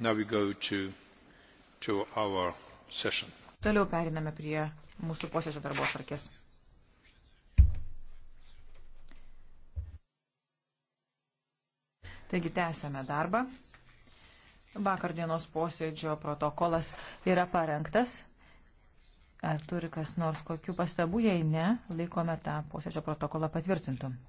To, to Toliau periname prie mūsų posėdžio darbo atvarkės. Taigi tęsėme darbą. Vakar dienos posėdžio protokolas yra parengtas. Ar turi kas nors kokių pastabų, jei ne, laikome tą posėdžio protokolą patvirtintum.